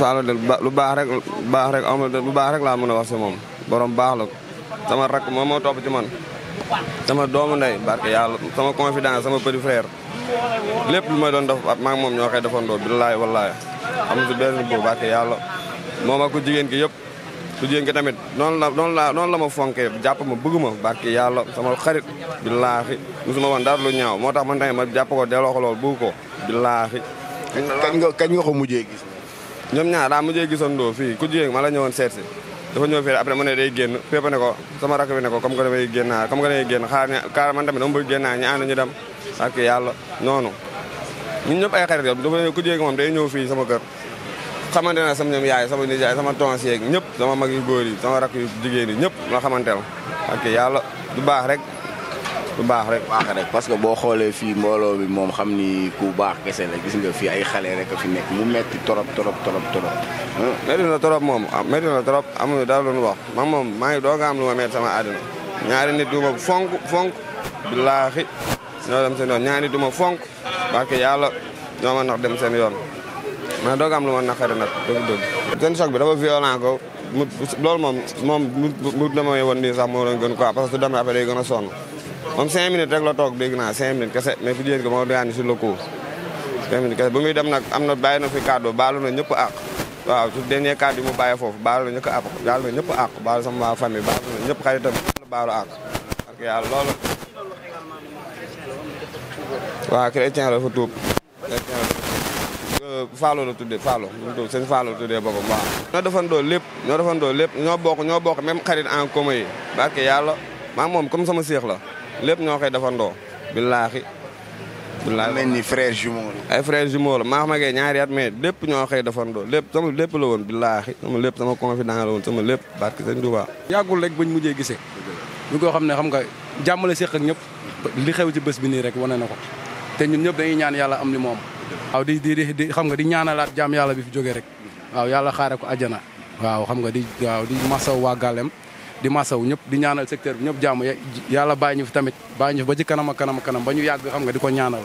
Saalum de lu baax rek baax rek amul lu baax rek laa mën a wax si moom borom baax la sama rakk moom moo topp ci man sama doomu ndey barke yàlla sama confidence sama petit frère lépp lu may doon def ak maag moom ñoo koy defandoo billaahi wallaahi am si benn bu barke yàlla moom ak ku jigéen ki yëpp. su jéngi tamit noonu la noonu la noonu la ma fonkee jàpp ma bëgg ma barki yàlla sama xarit billaahi musuma woon dara lu ñaaw moo tax man tamit ma jàpp ko delloo ko lool bëgg ko billaahi kañ nga kañ nga ko mujjee gis ñoom ñaar daa mujjee gisandoo fii ku jéeg ma la ñëwoon seet si dafa ñëw fii après mu ne day génn fépp ko sama rakk bi ne ko comme que damay génnaa génn xaar ne kaar man tamit dama bëgg génnaa ñu ànd ñu dem ak yàlla noonu ñun ñëpp ay xarit yo dafa ku jéeg moom day ñëw fii sama kër xamante na sama ñoom yaay sama nijaay sama tons yeeg ñëpp sama mag yu góor yi sama rakk yu jigéen yi ñëpp la xamante la ak yàlla du baax rek du baax rek baax rek parce que boo xoolee fii mbooloo bi moom xam ni ku baax kese la gis nga fii ay xale rek a fi nekk mu metti torop torop torop torop metti na torop moom ah, metti na torop amu dara lu ñu wax man moom maa ngi doog am lu ma metti sama àddina ñaari ni du ma fonk fonk billaahi ñoo dem seen yoon ñaari ma yàlla ñoo ma nax dem seen yoon mais doog am lu ma naqari nag dëgg-dëgg. seen choc bi dafa violent ko mu moom moom mu demee woon nii sax moo doon gën quoi parce que su demee après day gën a sonn moom cinq minutes rek la toog dégg naa cinq minutes kese mais fi jigéen ko moo daan si le cinq minutes kese bu muy dem nag am na bàyyi na fi kàddu baalu na ñëpp waaw su dernier kàddu yi mu foofu baalu na ñëpp àq baalu na ñëpp àq baalu sama waa famille baalu na ñëpp xaritam baalu àq parce que yàlla loolu waaw chrétien la fa tuub Euh, Fallou la tuddee Fallou mu sëñ Fallou la tuddee boppam waaw. ñoo defandoo lépp ñoo defandoo lépp ñoo bokk ñoo bokk même xarit en commun barke yàlla maa moom comme sama seex la lépp ñoo koy defandoo billaahi bilaay mel ni frère jumeau ay frère jumeau la maa xam lépp ñoo xëy defandoo lépp sama lépp la woon billaahi sama lépp sama confident la woon sama lépp barke sëñ Tuubaa yàggul rek bañ mujjee gisee ko xam ne xam nga jàmmale séq ak ñëpp li xew ci bés bi nii rek wane na ko te ñun ñëpp dañuy ñaan yàlla am li mu waaw di di di xam nga di ñaanalaat jaam yàlla bi fi jógee rek waaw yàlla xaare ko àjjana waaw xam nga di waaw di masaw waa Gàllem di masaw ñëpp di ñaanal secteur bi ñëpp jàmm yàlla bàyyi ñu fi tamit bàyyi ñu fi ba ci kanam a kanam ba ñu yàgg xam nga di ko ñaanal